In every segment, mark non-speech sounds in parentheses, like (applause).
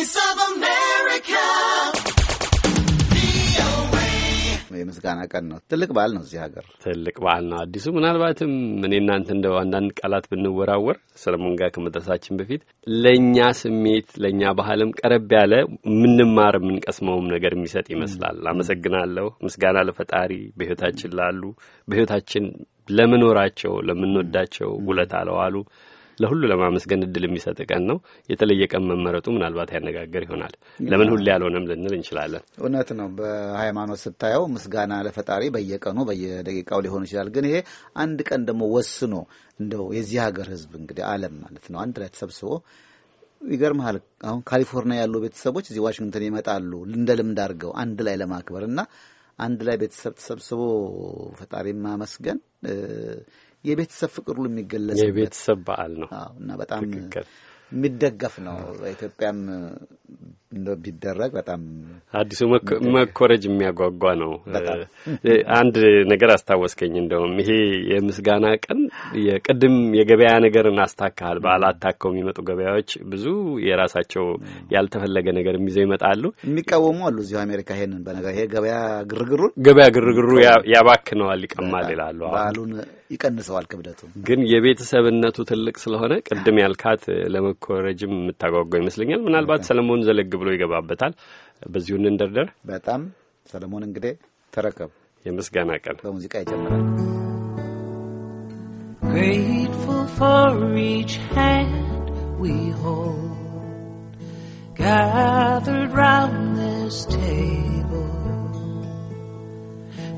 Voice of America. የምስጋና ቀን ነው። ትልቅ በዓል ነው። እዚህ ሀገር ትልቅ በዓል ነው። አዲሱ ምናልባትም እኔ እናንተ እንደው አንዳንድ ቃላት ብንወራወር ሰለሞን ጋር ከመድረሳችን በፊት ለእኛ ስሜት ለእኛ ባህልም ቀረብ ያለ የምንማር የምንቀስመውም ነገር የሚሰጥ ይመስላል። አመሰግናለሁ። ምስጋና ለፈጣሪ በህይወታችን ላሉ በህይወታችን ለምኖራቸው ለምንወዳቸው ውለታ ለዋሉ ለሁሉ ለማመስገን እድል የሚሰጥ ቀን ነው። የተለየ ቀን መመረጡ ምናልባት ያነጋገር ይሆናል። ለምን ሁሌ ያልሆነም ልንል እንችላለን። እውነት ነው። በሃይማኖት ስታየው ምስጋና ለፈጣሪ በየቀኑ በየደቂቃው ሊሆን ይችላል። ግን ይሄ አንድ ቀን ደግሞ ወስኖ እንደው የዚህ ሀገር ህዝብ እንግዲህ ዓለም ማለት ነው አንድ ላይ ተሰብስቦ ይገርምሃል አሁን ካሊፎርኒያ ያሉ ቤተሰቦች እዚህ ዋሽንግተን ይመጣሉ እንደ ልምድ አድርገው አንድ ላይ ለማክበር እና አንድ ላይ ቤተሰብ ተሰብስቦ ፈጣሪ ማመስገን የቤተሰብ ፍቅር ሁሉ የሚገለጽ የቤተሰብ በዓል ነው እና በጣም የሚደገፍ ነው። በኢትዮጵያም ቢደረግ በጣም አዲሱ መኮረጅ የሚያጓጓ ነው። አንድ ነገር አስታወስከኝ። እንደውም ይሄ የምስጋና ቀን የቅድም የገበያ ነገርን አስታካል በዓላት ታከው የሚመጡ ገበያዎች ብዙ የራሳቸው ያልተፈለገ ነገር የሚይዘው ይመጣሉ። የሚቃወሙ አሉ እዚሁ አሜሪካ ይሄንን በነገር ይሄ ገበያ ግርግሩን ገበያ ግርግሩ ያባክነዋል፣ ይቀማል ይላሉ። በዓሉን ይቀንሰዋል ክብደቱ። ግን የቤተሰብነቱ ትልቅ ስለሆነ ቅድም ያልካት ለመኮረጅም የምታጓጓ ይመስለኛል። ምናልባት ሰለሞን ዘለግ ብሎ ይገባበታል። በዚሁ እንደርደር። በጣም ሰለሞን እንግዲህ ተረከብ። የምስጋና ቀን በሙዚቃ ይጀምራል። Grateful for each hand we hold, gathered round this table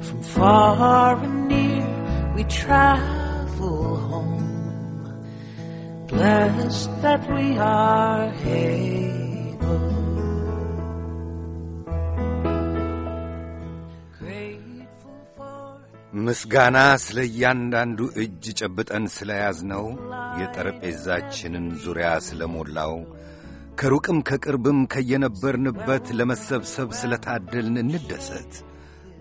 from far and we travel home. Blessed that we are able. ምስጋና ስለ እያንዳንዱ እጅ ጨብጠን ስለ ነው የጠረጴዛችንን ዙሪያ ስለ ሞላው ከሩቅም ከቅርብም ከየነበርንበት ለመሰብሰብ ስለ ታደልን እንደሰት።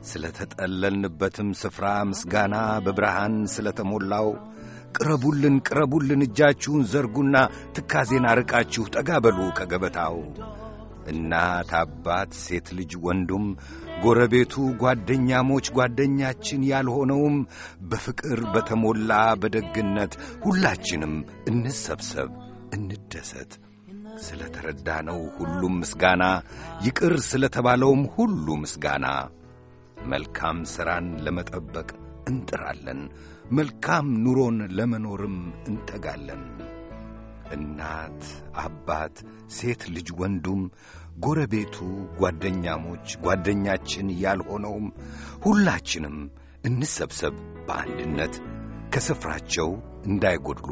ስለ ተጠለልንበትም ስፍራ ምስጋና በብርሃን ስለ ተሞላው ቅረቡልን፣ ቅረቡልን፣ እጃችሁን ዘርጉና ትካዜን አርቃችሁ ጠጋ በሉ ከገበታው። እናት አባት፣ ሴት ልጅ ወንዱም፣ ጎረቤቱ፣ ጓደኛሞች፣ ጓደኛችን ያልሆነውም በፍቅር በተሞላ በደግነት ሁላችንም እንሰብሰብ፣ እንደሰት። ስለ ተረዳነው ሁሉም ምስጋና፣ ይቅር ስለ ተባለውም ሁሉ ምስጋና መልካም ሥራን ለመጠበቅ እንጥራለን። መልካም ኑሮን ለመኖርም እንተጋለን። እናት፣ አባት፣ ሴት ልጅ፣ ወንዱም፣ ጎረቤቱ፣ ጓደኛሞች፣ ጓደኛችን ያልሆነውም ሁላችንም እንሰብሰብ በአንድነት ከስፍራቸው እንዳይጎድሉ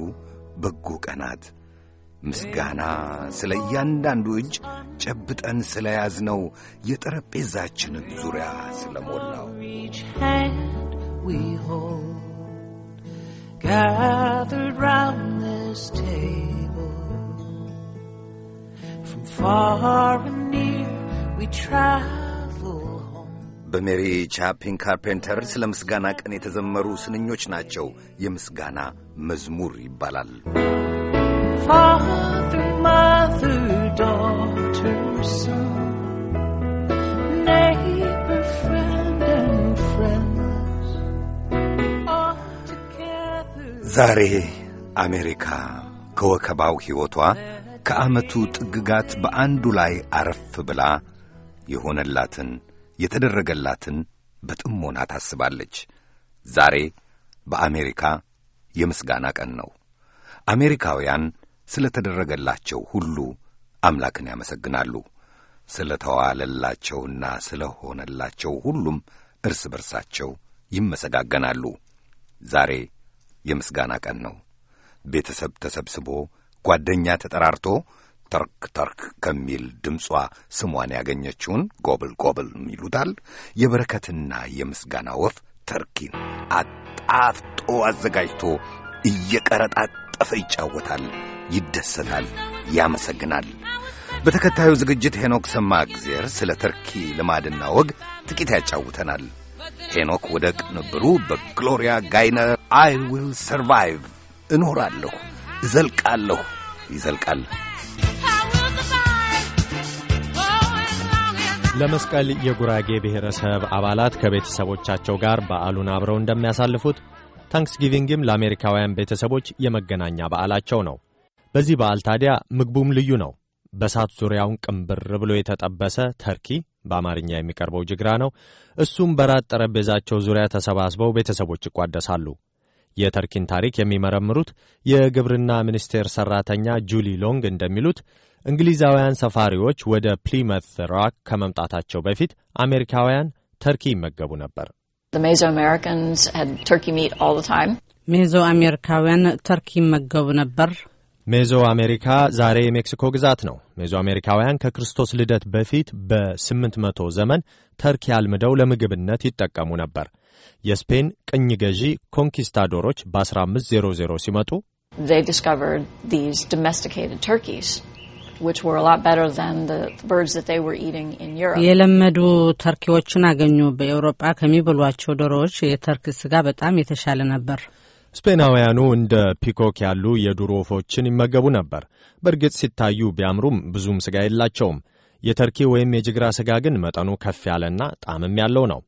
በጎ ቀናት ምስጋና ስለ እያንዳንዱ እጅ ጨብጠን ስለ ያዝነው የጠረጴዛችንን ዙሪያ ስለ ሞላው በሜሪ ቻፒን ካርፔንተር ስለ ምስጋና ቀን የተዘመሩ ስንኞች ናቸው። የምስጋና መዝሙር ይባላል። ዛሬ አሜሪካ ከወከባው ሕይወቷ ከዓመቱ ጥግጋት በአንዱ ላይ አረፍ ብላ የሆነላትን የተደረገላትን በጥሞና ታስባለች። ዛሬ በአሜሪካ የምስጋና ቀን ነው። አሜሪካውያን ስለ ተደረገላቸው ሁሉ አምላክን ያመሰግናሉ። ስለ ተዋለላቸውና ስለ ሆነላቸው ሁሉም እርስ በርሳቸው ይመሰጋገናሉ። ዛሬ የምስጋና ቀን ነው። ቤተሰብ ተሰብስቦ ጓደኛ ተጠራርቶ ተርክ ተርክ ከሚል ድምጿ ስሟን ያገኘችውን ጎብል ጎብል ይሉታል የበረከትና የምስጋና ወፍ ተርኪን አጣፍጦ አዘጋጅቶ እየቀረጣ እየተጣጠፈ ይጫወታል፣ ይደሰታል፣ ያመሰግናል። በተከታዩ ዝግጅት ሄኖክ ሰማ እግዜር ስለ ተርኪ ልማድና ወግ ጥቂት ያጫውተናል። ሄኖክ ወደ ቅንብሩ በግሎሪያ ጋይነር አይ ዊል ሰርቫይቭ እኖራለሁ፣ እዘልቃለሁ ይዘልቃል። ለመስቀል የጉራጌ ብሔረሰብ አባላት ከቤተሰቦቻቸው ጋር በዓሉን አብረው እንደሚያሳልፉት ታንክስጊቪንግም ለአሜሪካውያን ቤተሰቦች የመገናኛ በዓላቸው ነው። በዚህ በዓል ታዲያ ምግቡም ልዩ ነው። በእሳት ዙሪያውን ቅንብር ብሎ የተጠበሰ ተርኪ በአማርኛ የሚቀርበው ጅግራ ነው። እሱም በራት ጠረጴዛቸው ዙሪያ ተሰባስበው ቤተሰቦች ይቋደሳሉ። የተርኪን ታሪክ የሚመረምሩት የግብርና ሚኒስቴር ሠራተኛ ጁሊ ሎንግ እንደሚሉት እንግሊዛውያን ሰፋሪዎች ወደ ፕሊመት ሮክ ከመምጣታቸው በፊት አሜሪካውያን ተርኪ ይመገቡ ነበር። The Mesoamericans had turkey meat all the time. ሜዞ አሜሪካውያን ተርኪ ይመገቡ ነበር። ሜዞ አሜሪካ ዛሬ የሜክሲኮ ግዛት ነው። ሜዞ አሜሪካውያን ከክርስቶስ ልደት በፊት በ መቶ ዘመን ተርኪ አልምደው ለምግብነት ይጠቀሙ ነበር። የስፔን ቅኝ ገዢ ኮንኪስታዶሮች በ1500 ሲመጡ የለመዱ ተርኪዎችን አገኙ። በኤውሮጳ ከሚበሏቸው ዶሮዎች የተርክ ስጋ በጣም የተሻለ ነበር። ስፔናውያኑ እንደ ፒኮክ ያሉ የዱር ወፎችን ይመገቡ ነበር። በእርግጥ ሲታዩ ቢያምሩም ብዙም ስጋ የላቸውም። የተርኪ ወይም የጅግራ ስጋ ግን መጠኑ ከፍ ያለና ጣዕምም ያለው ነው።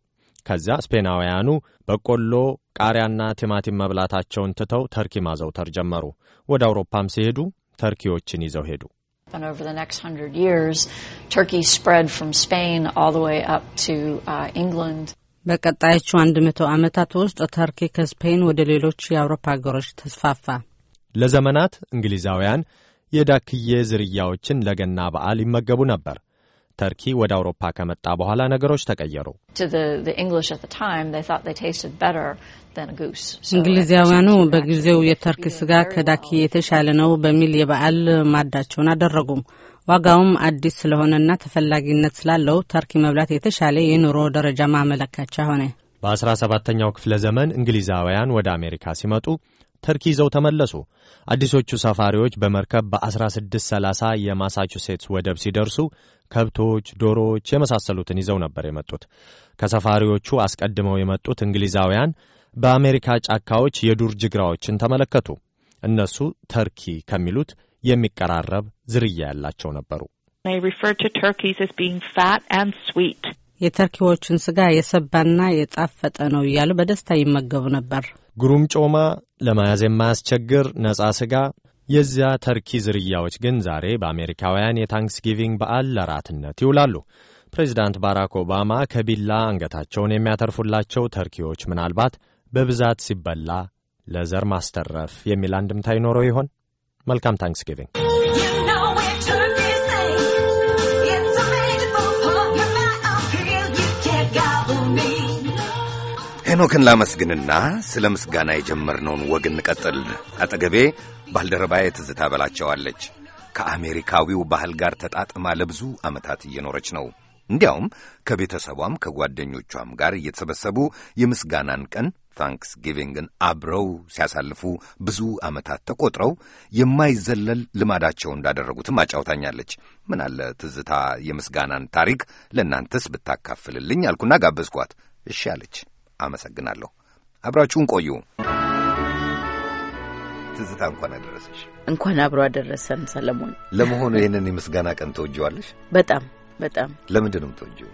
ከዚያ ስፔናውያኑ በቆሎ፣ ቃሪያና ቲማቲም መብላታቸውን ትተው ተርኪ ማዘውተር ጀመሩ። ወደ አውሮፓም ሲሄዱ ተርኪዎችን ይዘው ሄዱ። And over the next hundred years, Turkey spread from Spain all the way up to uh, England. በቀጣዮቹ አንድ መቶ ዓመታት ውስጥ ተርኪ ከስፔን ወደ ሌሎች የአውሮፓ አገሮች ተስፋፋ። ለዘመናት እንግሊዛውያን የዳክዬ ዝርያዎችን ለገና በዓል ይመገቡ ነበር። ተርኪ ወደ አውሮፓ ከመጣ በኋላ ነገሮች ተቀየሩ። እንግሊዛውያኑ በጊዜው የተርኪ ስጋ ከዳኪ የተሻለ ነው በሚል የበዓል ማዳቸውን አደረጉም። ዋጋውም አዲስ ስለሆነና ተፈላጊነት ስላለው ተርኪ መብላት የተሻለ የኑሮ ደረጃ ማመለካቻ ሆነ። በአስራ ሰባተኛው ክፍለ ዘመን እንግሊዛውያን ወደ አሜሪካ ሲመጡ ተርኪ ይዘው ተመለሱ። አዲሶቹ ሰፋሪዎች በመርከብ በ1630 የማሳቹሴትስ ወደብ ሲደርሱ ከብቶች፣ ዶሮዎች የመሳሰሉትን ይዘው ነበር የመጡት። ከሰፋሪዎቹ አስቀድመው የመጡት እንግሊዛውያን በአሜሪካ ጫካዎች የዱር ጅግራዎችን ተመለከቱ። እነሱ ተርኪ ከሚሉት የሚቀራረብ ዝርያ ያላቸው ነበሩ። የተርኪዎቹን ስጋ የሰባና የጣፈጠ ነው እያሉ በደስታ ይመገቡ ነበር። ጮማ ለመያዝ የማያስቸግር ነጻ ስጋ፣ የዚያ ተርኪ ዝርያዎች ግን ዛሬ በአሜሪካውያን የታንክስጊቪንግ በዓል ለራትነት ይውላሉ። ፕሬዚዳንት ባራክ ኦባማ ከቢላ አንገታቸውን የሚያተርፉላቸው ተርኪዎች ምናልባት በብዛት ሲበላ ለዘር ማስተረፍ የሚል አንድምታ ይኖረው ይሆን? መልካም ታንክስጊቪንግ። ሄኖክን ላመስግንና ስለ ምስጋና የጀመርነውን ወግ እንቀጥል። አጠገቤ ባልደረባዬ ትዝታ በላቸዋለች ከአሜሪካዊው ባህል ጋር ተጣጥማ ለብዙ ዓመታት እየኖረች ነው። እንዲያውም ከቤተሰቧም ከጓደኞቿም ጋር እየተሰበሰቡ የምስጋናን ቀን ታንክስ ጊቪንግን አብረው ሲያሳልፉ ብዙ ዓመታት ተቆጥረው የማይዘለል ልማዳቸው እንዳደረጉትም አጫውታኛለች። ምን አለ ትዝታ የምስጋናን ታሪክ ለእናንተስ ብታካፍልልኝ አልኩና ጋበዝኳት። እሺ አለች። አመሰግናለሁ። አብራችሁን ቆዩ። ትዝታ እንኳን አደረሰሽ። እንኳን አብሮ አደረሰን ሰለሞን። ለመሆኑ ይህንን የምስጋና ቀን ተወጀዋለሽ? በጣም በጣም። ለምንድን ነው የምትወጂው?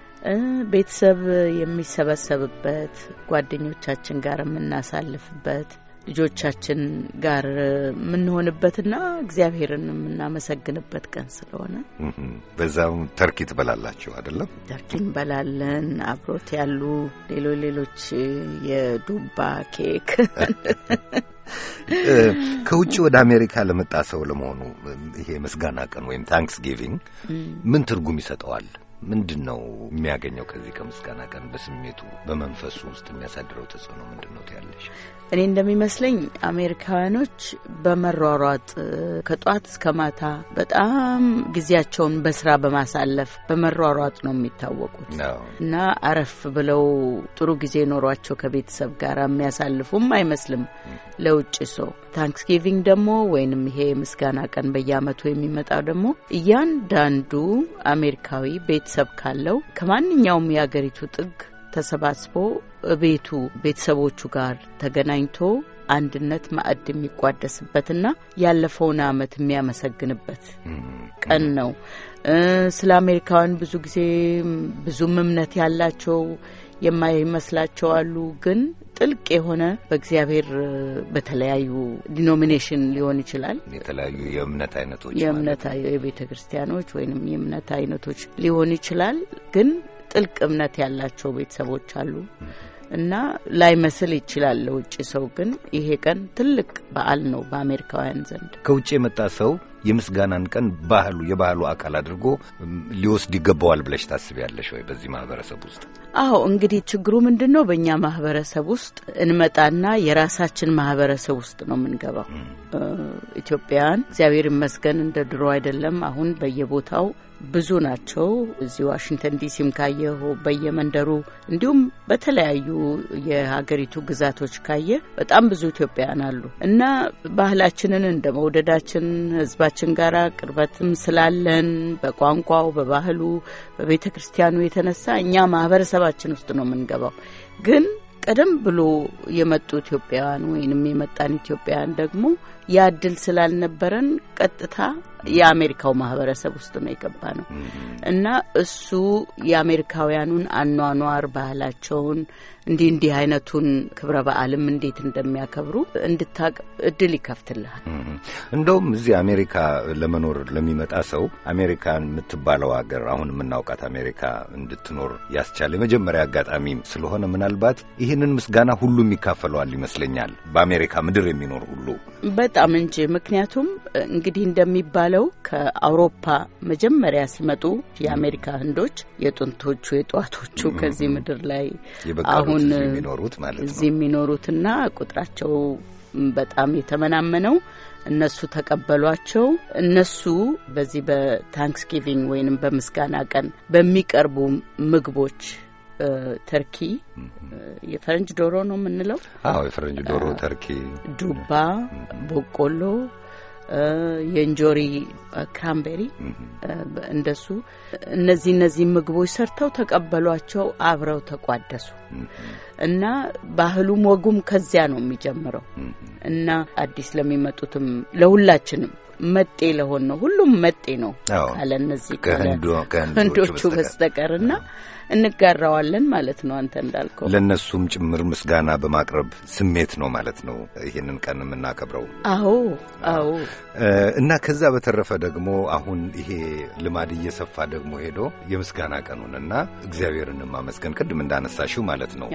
ቤተሰብ የሚሰበሰብበት፣ ጓደኞቻችን ጋር የምናሳልፍበት፣ ልጆቻችን ጋር የምንሆንበትና እግዚአብሔርን የምናመሰግንበት ቀን ስለሆነ በዛም ተርኪ ትበላላችሁ አይደለም? ተርኪ እንበላለን። አብሮት ያሉ ሌሎ ሌሎች የዱባ ኬክ (laughs) ከውጭ ወደ አሜሪካ ለመጣ ሰው ለመሆኑ ይሄ ምስጋና ቀን ወይም ታንክስ ጊቪንግ ምን ትርጉም ይሰጠዋል? ምንድን ነው የሚያገኘው ከዚህ ከምስጋና ቀን? በስሜቱ በመንፈሱ ውስጥ የሚያሳድረው ተጽዕኖ ምንድን ነው ትያለሽ? እኔ እንደሚመስለኝ አሜሪካውያኖች በመሯሯጥ ከጧት እስከ ማታ በጣም ጊዜያቸውን በስራ በማሳለፍ በመሯሯጥ ነው የሚታወቁት እና አረፍ ብለው ጥሩ ጊዜ ኖሯቸው ከቤተሰብ ጋር የሚያሳልፉም አይመስልም ለውጭ ሰው። ታንክስጊቪንግ ደግሞ ወይንም ይሄ ምስጋና ቀን በየአመቱ የሚመጣው ደግሞ እያንዳንዱ አሜሪካዊ ቤተሰብ ካለው ከማንኛውም የአገሪቱ ጥግ ተሰባስቦ ቤቱ ቤተሰቦቹ ጋር ተገናኝቶ አንድነት ማዕድ የሚቋደስበትና ያለፈውን ዓመት የሚያመሰግንበት ቀን ነው። ስለ አሜሪካውያን ብዙ ጊዜ ብዙም እምነት ያላቸው የማይመስላቸው አሉ። ግን ጥልቅ የሆነ በእግዚአብሔር በተለያዩ ዲኖሚኔሽን ሊሆን ይችላል የተለያዩ የእምነት አይነቶች የእምነት የቤተ ክርስቲያኖች ወይም የእምነት አይነቶች ሊሆን ይችላል ግን ጥልቅ እምነት ያላቸው ቤተሰቦች አሉ እና መስል ይችላል ለውጭ ሰው፣ ግን ይሄ ቀን ትልቅ በዓል ነው በአሜሪካውያን ዘንድ። ከውጭ የመጣ ሰው የምስጋናን ቀን ባህሉ የባህሉ አካል አድርጎ ሊወስድ ይገባዋል ብለሽ ታስቢያለሽ ወይ? በዚህ ማህበረሰብ ውስጥ አዎ እንግዲህ ችግሩ ምንድን ነው? በእኛ ማህበረሰብ ውስጥ እንመጣና የራሳችን ማህበረሰብ ውስጥ ነው የምንገባው። ኢትዮጵያውያን እግዚአብሔር ይመስገን እንደ ድሮ አይደለም። አሁን በየቦታው ብዙ ናቸው። እዚህ ዋሽንግተን ዲሲም ካየሁ በየመንደሩ እንዲሁም በተለያዩ የሀገሪቱ ግዛቶች ካየ በጣም ብዙ ኢትዮጵያውያን አሉ እና ባህላችንን እንደ መውደዳችን ህዝባችን ጋር ቅርበትም ስላለን በቋንቋው፣ በባህሉ፣ በቤተ ክርስቲያኑ የተነሳ እኛ ማህበረሰብ ሀገራችን ውስጥ ነው የምንገባው። ግን ቀደም ብሎ የመጡ ኢትዮጵያውያን ወይንም የመጣን ኢትዮጵያውያን ደግሞ ያ ስላልነበረን ቀጥታ የአሜሪካው ማህበረሰብ ውስጥ ነው የገባ ነው እና እሱ የአሜሪካውያኑን አኗኗር ባህላቸውን እንዲህ እንዲህ አይነቱን ክብረ በዓልም እንዴት እንደሚያከብሩ እንድታቅ እድል ይከፍትልሃል። እንደውም እዚህ አሜሪካ ለመኖር ለሚመጣ ሰው አሜሪካን የምትባለው ሀገር አሁን የምናውቃት አሜሪካ እንድትኖር ያስቻለ የመጀመሪያ አጋጣሚ ስለሆነ ምናልባት ይህንን ምስጋና ሁሉም ይካፈለዋል ይመስለኛል፣ በአሜሪካ ምድር የሚኖር ሁሉ በጣም እንጂ ምክንያቱም እንግዲህ እንደሚባ የሚባለው ከአውሮፓ መጀመሪያ ሲመጡ የአሜሪካ ህንዶች የጥንቶቹ የጠዋቶቹ ከዚህ ምድር ላይ አሁን እዚህ የሚኖሩትና ቁጥራቸው በጣም የተመናመነው እነሱ ተቀበሏቸው። እነሱ በዚህ በታንክስጊቪንግ ወይንም በምስጋና ቀን በሚቀርቡ ምግቦች ተርኪ፣ የፈረንጅ ዶሮ ነው የምንለው። አዎ የፈረንጅ ዶሮ፣ ተርኪ፣ ዱባ፣ በቆሎ፣ የእንጆሪ ክራምቤሪ እንደሱ እነዚህ እነዚህ ምግቦች ሰርተው ተቀበሏቸው። አብረው ተቋደሱ እና ባህሉም ወጉም ከዚያ ነው የሚጀምረው እና አዲስ ለሚመጡትም ለሁላችንም መጤ ለሆን ነው ሁሉም መጤ ነው ካለ እነዚህ ከህንዶቹ በስተቀር እና እንጋራዋለን ማለት ነው። አንተ እንዳልከው ለእነሱም ጭምር ምስጋና በማቅረብ ስሜት ነው ማለት ነው ይህንን ቀን የምናከብረው። አዎ አዎ። እና ከዛ በተረፈ ደግሞ አሁን ይሄ ልማድ እየሰፋ ደግሞ ሄዶ የምስጋና ቀኑንና እግዚአብሔርን ማመስገን ቅድም እንዳነሳሽው ማለት ነው።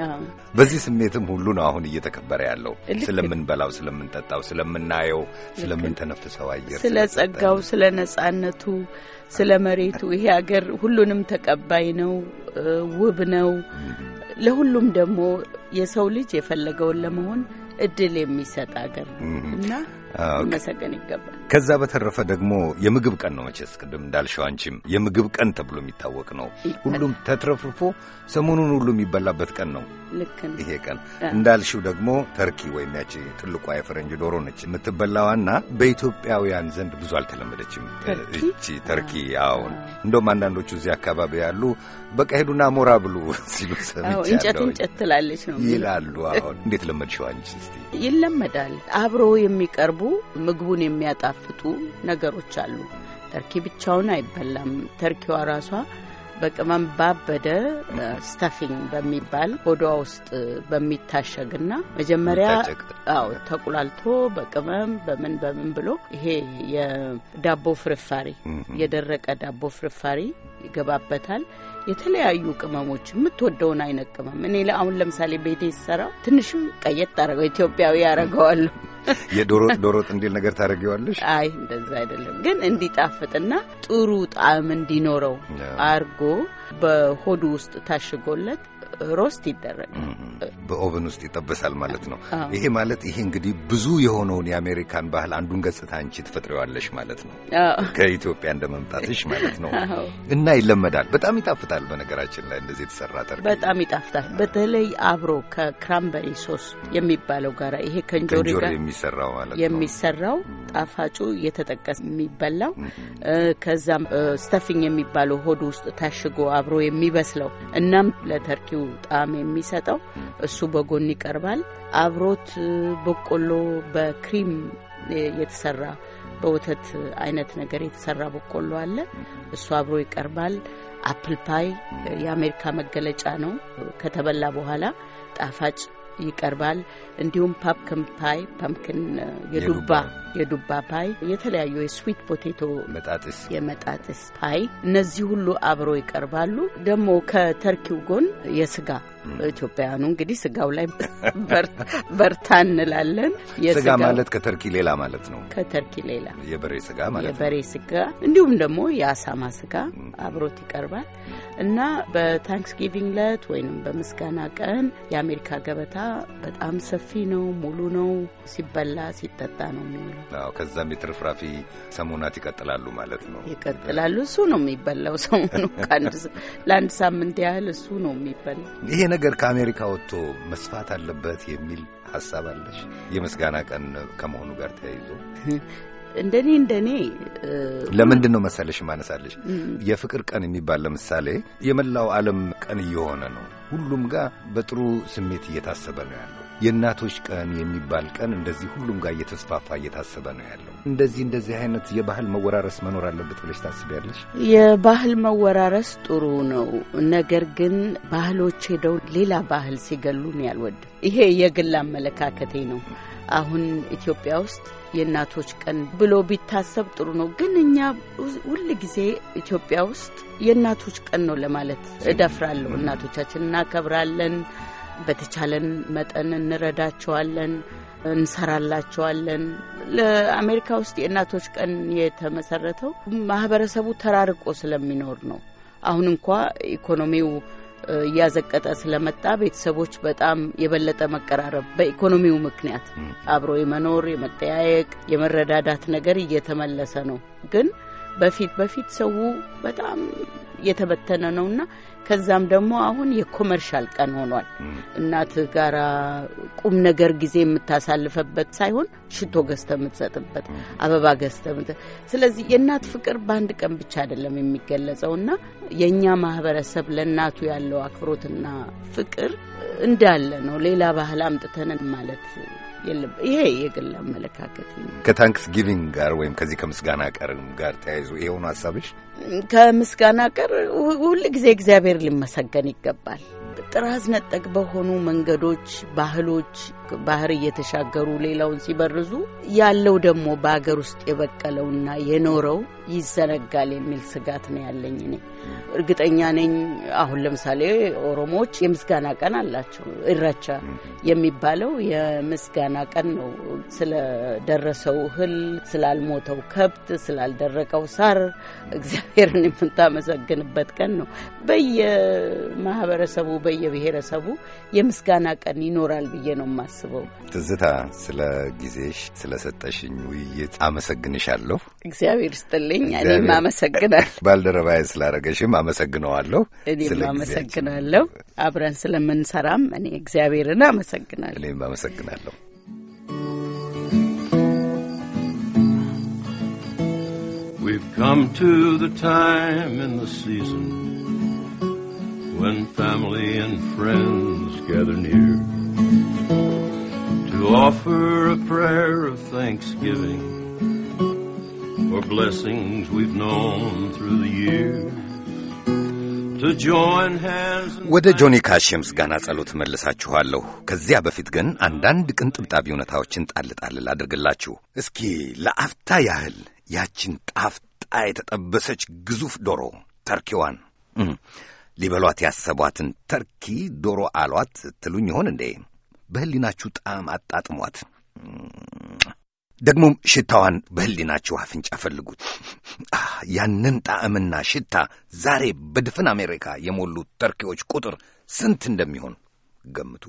በዚህ ስሜትም ሁሉ ነው አሁን እየተከበረ ያለው ስለምንበላው፣ ስለምንጠጣው፣ ስለምናየው፣ ስለምንተነፍሰው አየር፣ ስለ ጸጋው፣ ስለ ነጻነቱ ስለ መሬቱ ይሄ ሀገር ሁሉንም ተቀባይ ነው፣ ውብ ነው። ለሁሉም ደግሞ የሰው ልጅ የፈለገውን ለመሆን እድል የሚሰጥ አገር እና መሰገን ይገባል። ከዛ በተረፈ ደግሞ የምግብ ቀን ነው መቼስ፣ ቅድም እንዳልሸው አንቺም የምግብ ቀን ተብሎ የሚታወቅ ነው። ሁሉም ተትረፍርፎ ሰሞኑን ሁሉ የሚበላበት ቀን ነው ይሄ ቀን። እንዳልሽው ደግሞ ተርኪ ወይም ያቺ ትልቋ የፈረንጅ ዶሮ ነች የምትበላዋና በኢትዮጵያውያን ዘንድ ብዙ አልተለመደችም እቺ ተርኪ። አሁን እንደውም አንዳንዶቹ እዚህ አካባቢ ያሉ በቃ ሄዱና ሞራ ብሉ (laughs) ሲሉ ሰምቻለሁ። እንጨት እንጨት ትላለች ነው ይላሉ። አሁን እንዴት ለመድሽው አንቺስ? ይለመዳል። አብሮ የሚቀርቡ ምግቡን የሚያጣፍጡ ነገሮች አሉ። ተርኪ ብቻውን አይበላም። ተርኪዋ ራሷ በቅመም ባበደ ስተፊንግ በሚባል ሆዷ ውስጥ በሚታሸግና መጀመሪያ አዎ ተቁላልቶ በቅመም በምን በምን ብሎ ይሄ የዳቦ ፍርፋሪ የደረቀ ዳቦ ፍርፋሪ ይገባበታል። የተለያዩ ቅመሞች የምትወደውን አይነት ቅመም እኔ አሁን ለምሳሌ ቤቴ ስሰራው ትንሽም ቀየት አረገው ኢትዮጵያዊ ያረገዋለሁ። የዶሮ ዶሮ ጥንዴል ነገር ታደርጊዋለሽ? አይ እንደዛ አይደለም ግን እንዲጣፍጥና ጥሩ ጣዕም እንዲኖረው አርጎ በሆዱ ውስጥ ታሽጎለት ሮስት ይደረጋል፣ በኦቨን ውስጥ ይጠበሳል ማለት ነው። ይሄ ማለት ይሄ እንግዲህ ብዙ የሆነውን የአሜሪካን ባህል አንዱን ገጽታ አንቺ ትፈጥሪዋለሽ ማለት ነው፣ ከኢትዮጵያ እንደ መምጣትሽ ማለት ነው። እና ይለመዳል፣ በጣም ይጣፍጣል። በነገራችን ላይ እንደዚህ የተሰራ ጠርግ በጣም ይጣፍጣል። በተለይ አብሮ ከክራምበሪ ሶስ የሚባለው ጋር ይሄ ከእንጆሪ ጋር የሚሰራው ማለት ነው የሚሰራው ጣፋጩ እየተጠቀሰ የሚበላው ከዛም ስተፊንግ የሚባለው ሆድ ውስጥ ታሽጎ አብሮ የሚበስለው እናም ለተርኪው ጣዕም የሚሰጠው እሱ በጎን ይቀርባል። አብሮት በቆሎ በክሪም የተሰራ በወተት አይነት ነገር የተሰራ በቆሎ አለ። እሱ አብሮ ይቀርባል። አፕል ፓይ የአሜሪካ መገለጫ ነው። ከተበላ በኋላ ጣፋጭ ይቀርባል። እንዲሁም ፓምክን ፓይ ፓምክን የዱባ የዱባ ፓይ፣ የተለያዩ የስዊት ፖቴቶ መጣጥስ፣ የመጣጥስ ፓይ እነዚህ ሁሉ አብረው ይቀርባሉ። ደግሞ ከተርኪው ጎን የስጋ ኢትዮጵያውያኑ እንግዲህ ስጋው ላይ (laughs) በርታ እንላለን። ስጋ ማለት ከተርኪ ሌላ ማለት ነው። ከተርኪ ሌላ የበሬ ስጋ ማለት ነው። የበሬ ስጋ እንዲሁም ደግሞ የአሳማ ስጋ አብሮት ይቀርባል እና በታንክስጊቪንግ ለት ወይንም በምስጋና ቀን የአሜሪካ ገበታ በጣም ሰፊ ነው፣ ሙሉ ነው። ሲበላ ሲጠጣ ነው የሚውለው። ከዛም የትርፍራፊ ሰሞናት ይቀጥላሉ ማለት ነው። ይቀጥላሉ። እሱ ነው የሚበላው ሰሞኑ (laughs) ለአንድ ሳምንት ያህል እሱ ነው የሚበላው። ይሄ ነገር ከአሜሪካ ወጥቶ መስፋት አለበት የሚል ሀሳብ አለሽ? የምስጋና ቀን ከመሆኑ ጋር ተያይዞ እንደኔ እንደኔ ለምንድን ነው መሰለሽ ማነሳለሽ የፍቅር ቀን የሚባል ለምሳሌ የመላው ዓለም ቀን እየሆነ ነው። ሁሉም ጋር በጥሩ ስሜት እየታሰበ ነው ያለው የእናቶች ቀን የሚባል ቀን እንደዚህ ሁሉም ጋር እየተስፋፋ እየታሰበ ነው ያለው። እንደዚህ እንደዚህ አይነት የባህል መወራረስ መኖር አለበት ብለሽ ታስቢያለሽ? የባህል መወራረስ ጥሩ ነው። ነገር ግን ባህሎች ሄደው ሌላ ባህል ሲገሉን ያልወድም። ይሄ የግል አመለካከቴ ነው። አሁን ኢትዮጵያ ውስጥ የእናቶች ቀን ብሎ ቢታሰብ ጥሩ ነው። ግን እኛ ሁል ጊዜ ኢትዮጵያ ውስጥ የእናቶች ቀን ነው ለማለት እደፍራለሁ። እናቶቻችን እናከብራለን በተቻለን መጠን እንረዳቸዋለን፣ እንሰራላቸዋለን። ለአሜሪካ ውስጥ የእናቶች ቀን የተመሰረተው ማህበረሰቡ ተራርቆ ስለሚኖር ነው። አሁን እንኳ ኢኮኖሚው እያዘቀጠ ስለመጣ ቤተሰቦች በጣም የበለጠ መቀራረብ በኢኮኖሚው ምክንያት አብሮ የመኖር የመጠያየቅ፣ የመረዳዳት ነገር እየተመለሰ ነው። ግን በፊት በፊት ሰው በጣም የተበተነ ነውና ከዛም ደግሞ አሁን የኮመርሻል ቀን ሆኗል። እናት ጋራ ቁም ነገር ጊዜ የምታሳልፈበት ሳይሆን ሽቶ ገዝተ የምትሰጥበት፣ አበባ ገዝተ ስለዚህ የእናት ፍቅር በአንድ ቀን ብቻ አይደለም የሚገለጸው እና የእኛ ማህበረሰብ ለእናቱ ያለው አክብሮትና ፍቅር እንዳለ ነው። ሌላ ባህል አምጥተን ማለት የለም። ይሄ የግል አመለካከት ከታንክስ ጊቪንግ ጋር ወይም ከዚህ ከምስጋና ቀርም ጋር ተያይዞ የሆኑ ሀሳብሽ ከምስጋና ቀር ሁል ጊዜ እግዚአብሔር ሊመሰገን ይገባል። ጥራዝ ነጠቅ በሆኑ መንገዶች፣ ባህሎች ባህር እየተሻገሩ ሌላውን ሲበርዙ ያለው ደግሞ በሀገር ውስጥ የበቀለውና የኖረው ይዘነጋል የሚል ስጋት ነው ያለኝ። እኔ እርግጠኛ ነኝ። አሁን ለምሳሌ ኦሮሞዎች የምስጋና ቀን አላቸው። እረቻ የሚባለው የምስጋና ቀን ነው። ስለደረሰው እህል፣ ስላልሞተው ከብት፣ ስላልደረቀው ሳር እግዚአብሔርን የምታመሰግንበት ቀን ነው። በየማህበረሰቡ በየብሔረሰቡ የምስጋና ቀን ይኖራል ብዬ ነው ማስ የማስበው። ትዝታ፣ ስለ ጊዜሽ ስለ ሰጠሽኝ ውይይት አመሰግንሻለሁ። እግዚአብሔር ይስጥልኝ። እኔም አመሰግናል ባልደረባዬ ስላረገሽም አመሰግነዋለሁ። እኔም አመሰግናለሁ። አብረን ስለምንሰራም እኔ እግዚአብሔርን አመሰግናለሁ። እኔም አመሰግናለሁ። We've come to the time in the season when family and friends gather near. offer a prayer of thanksgiving for blessings we've known through the years. ወደ ጆኒ ካሽ የምስጋና ጸሎት መልሳችኋለሁ። ከዚያ በፊት ግን አንዳንድ ቅንጥብጣቢ እውነታዎችን ጣል ጣል አድርግላችሁ። እስኪ ለአፍታ ያህል ያችን ጣፍጣ የተጠበሰች ግዙፍ ዶሮ ተርኪዋን ሊበሏት ያሰቧትን ተርኪ ዶሮ አሏት ትሉኝ ይሆን እንዴ? በህሊናችሁ ጣዕም አጣጥሟት። ደግሞም ሽታዋን በህሊናችሁ አፍንጫ ፈልጉት። ያንን ጣዕምና ሽታ ዛሬ በድፍን አሜሪካ የሞሉት ተርኪዎች ቁጥር ስንት እንደሚሆን ገምቱ።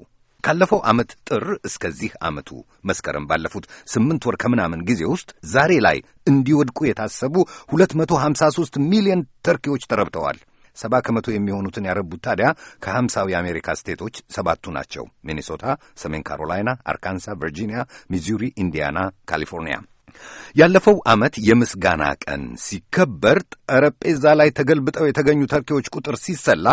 ካለፈው ዓመት ጥር እስከዚህ ዓመቱ መስከረም ባለፉት ስምንት ወር ከምናምን ጊዜ ውስጥ ዛሬ ላይ እንዲወድቁ የታሰቡ መቶ 253 ሚሊዮን ተርኪዎች ተረብተዋል። ሰባ ከመቶ የሚሆኑትን ያረቡት ታዲያ ከሀምሳው የአሜሪካ ስቴቶች ሰባቱ ናቸው። ሚኔሶታ፣ ሰሜን ካሮላይና፣ አርካንሳ፣ ቨርጂኒያ፣ ሚዙሪ፣ ኢንዲያና፣ ካሊፎርኒያ። ያለፈው ዓመት የምስጋና ቀን ሲከበር ጠረጴዛ ላይ ተገልብጠው የተገኙ ተርኪዎች ቁጥር ሲሰላ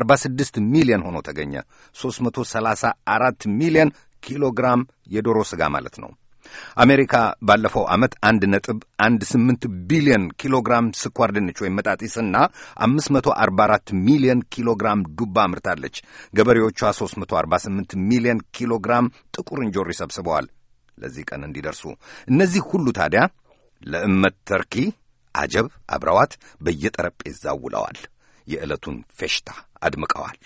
46 ሚሊዮን ሆኖ ተገኘ። 334 ሚሊዮን ኪሎ ግራም የዶሮ ሥጋ ማለት ነው። አሜሪካ ባለፈው ዓመት አንድ ነጥብ አንድ ስምንት ቢሊዮን ኪሎግራም ስኳር ድንች ወይም መጣጢስና አምስት መቶ አርባ አራት ሚሊዮን ኪሎግራም ዱባ አምርታለች። ገበሬዎቿ ሶስት መቶ አርባ ስምንት ሚሊዮን ኪሎግራም ጥቁር እንጆሪ ሰብስበዋል ለዚህ ቀን እንዲደርሱ። እነዚህ ሁሉ ታዲያ ለእመት ተርኪ አጀብ አብረዋት በየጠረጴዛው ውለዋል። የዕለቱን ፌሽታ አድምቀዋል።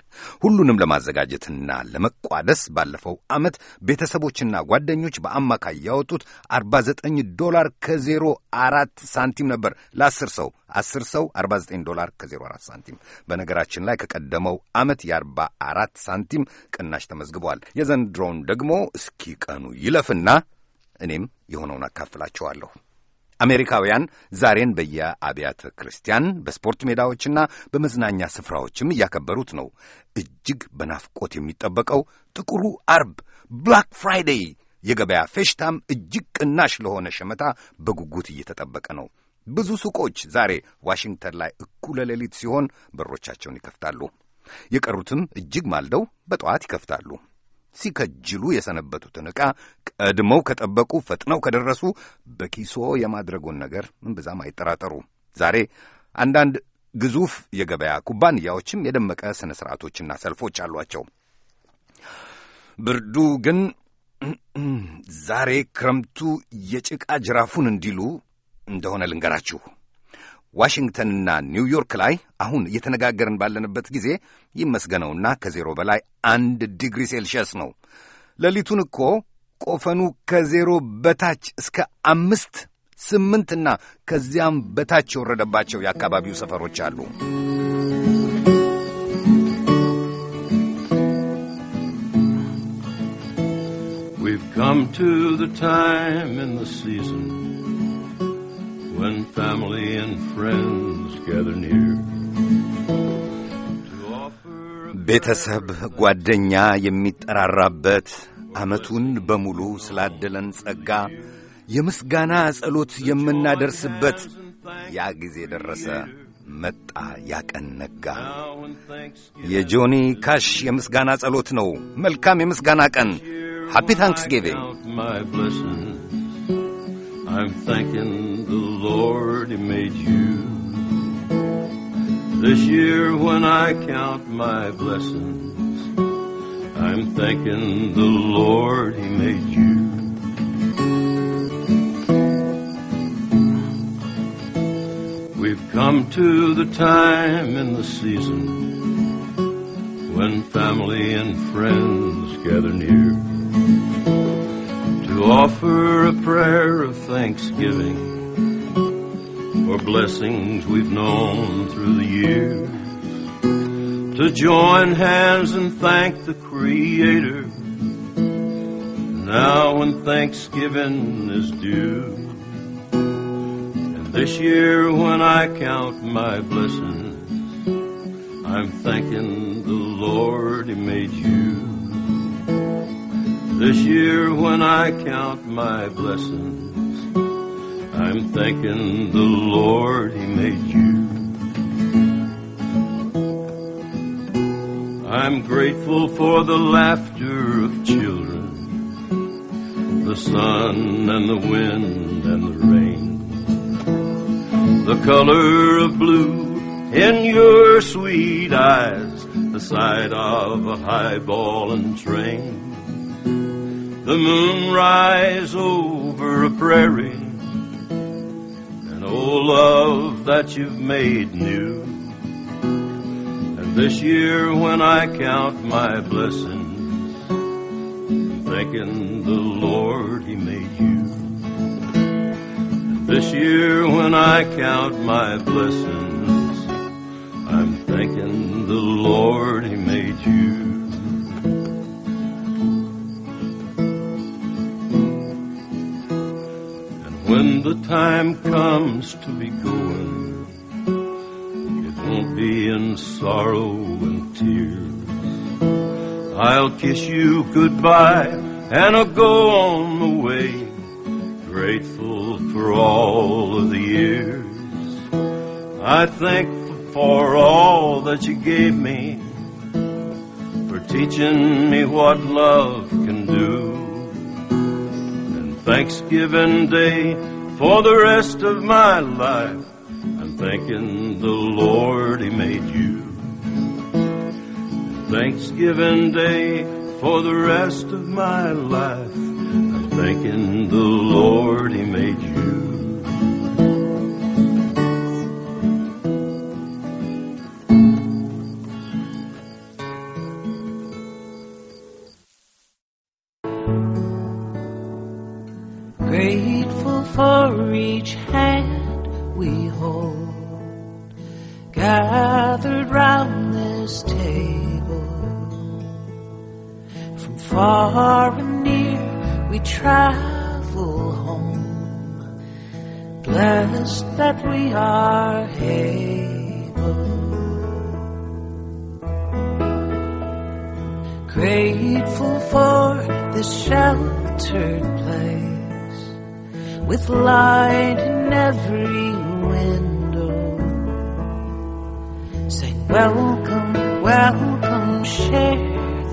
ሁሉንም ለማዘጋጀትና ለመቋደስ ባለፈው ዓመት ቤተሰቦችና ጓደኞች በአማካይ ያወጡት 49 ዶላር ከ04 ሳንቲም ነበር። ለአስር ሰው አስር ሰው 49 ዶላር ከ04 ሳንቲም። በነገራችን ላይ ከቀደመው ዓመት የ44 ሳንቲም ቅናሽ ተመዝግቧል። የዘንድሮውን ደግሞ እስኪ ቀኑ ይለፍና እኔም የሆነውን አካፍላችኋለሁ። አሜሪካውያን ዛሬን በየአብያተ ክርስቲያን በስፖርት ሜዳዎችና በመዝናኛ ስፍራዎችም እያከበሩት ነው። እጅግ በናፍቆት የሚጠበቀው ጥቁሩ አርብ ብላክ ፍራይዴይ የገበያ ፌሽታም እጅግ ቅናሽ ለሆነ ሸመታ በጉጉት እየተጠበቀ ነው። ብዙ ሱቆች ዛሬ ዋሽንግተን ላይ እኩለ ሌሊት ሲሆን በሮቻቸውን ይከፍታሉ። የቀሩትም እጅግ ማልደው በጠዋት ይከፍታሉ። ሲከጅሉ የሰነበቱትን ዕቃ ቀድመው ከጠበቁ፣ ፈጥነው ከደረሱ በኪሶ የማድረጉን ነገር እምብዛም አይጠራጠሩ። ዛሬ አንዳንድ ግዙፍ የገበያ ኩባንያዎችም የደመቀ ሥነ ሥርዓቶችና ሰልፎች አሏቸው። ብርዱ ግን (clears throat) ዛሬ ክረምቱ የጭቃ ጅራፉን እንዲሉ እንደሆነ ልንገራችሁ። ዋሽንግተንና ኒውዮርክ ላይ አሁን እየተነጋገርን ባለንበት ጊዜ ይመስገነውና ከዜሮ በላይ አንድ ዲግሪ ሴልሺየስ ነው። ሌሊቱን እኮ ቆፈኑ ከዜሮ በታች እስከ አምስት ስምንትና ከዚያም በታች የወረደባቸው የአካባቢው ሰፈሮች አሉ። We've come to the time in the season when family and friends gather near. ቤተሰብ ጓደኛ የሚጠራራበት ዓመቱን በሙሉ ስላደለን ጸጋ የምስጋና ጸሎት የምናደርስበት ያ ጊዜ ደረሰ። መጣ፣ ያቀን ነጋ። የጆኒ ካሽ የምስጋና ጸሎት ነው። መልካም የምስጋና ቀን። ሃፒ ታንክስጊቪንግ I'm thanking the Lord He made you. This year when I count my blessings, I'm thanking the Lord He made you. We've come to the time in the season when family and friends gather near offer a prayer of thanksgiving for blessings we've known through the years, to join hands and thank the Creator. Now, when Thanksgiving is due, and this year when I count my blessings, I'm thanking the Lord He made you. This year when I count my blessings, I'm thanking the Lord He made you. I'm grateful for the laughter of children, the sun and the wind and the rain, the color of blue in your sweet eyes, the sight of a highball and train the moon rise over a prairie. And oh, love that you've made new. And this year when I count my blessings, I'm thanking the Lord He made you. And this year when I count my blessings, I'm thanking the Lord He made you. When the time comes to be going, it won't be in sorrow and tears. I'll kiss you goodbye and I'll go on the way, grateful for all of the years. I thank for all that you gave me, for teaching me what love can do. Thanksgiving Day for the rest of my life. I'm thanking the Lord He made you. Thanksgiving Day for the rest of my life. I'm thanking the Lord He made you. grateful for each hand we hold, gathered round this table. From far and near, we travel home, blessed that we are able. Grateful for this sheltered place with light in every window. Say, welcome, welcome, share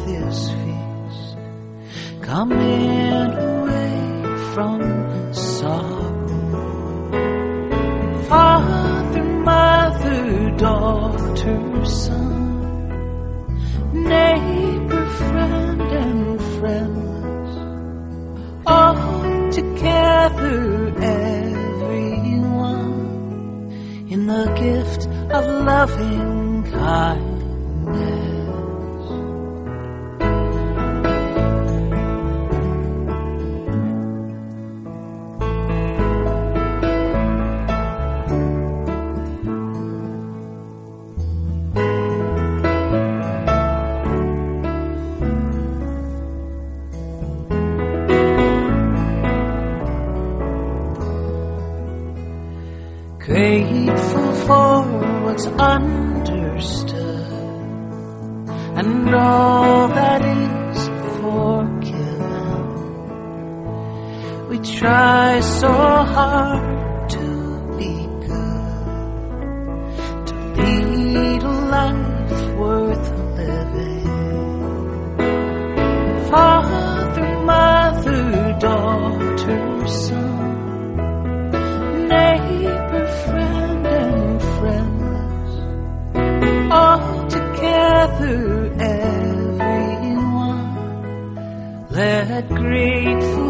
this feast. Come in away from sorrow. Father, mother, daughter, son, neighbor, friend, and friend. everyone in the gift of loving kindness. what's understood and all that is forgiven. We try so hard to great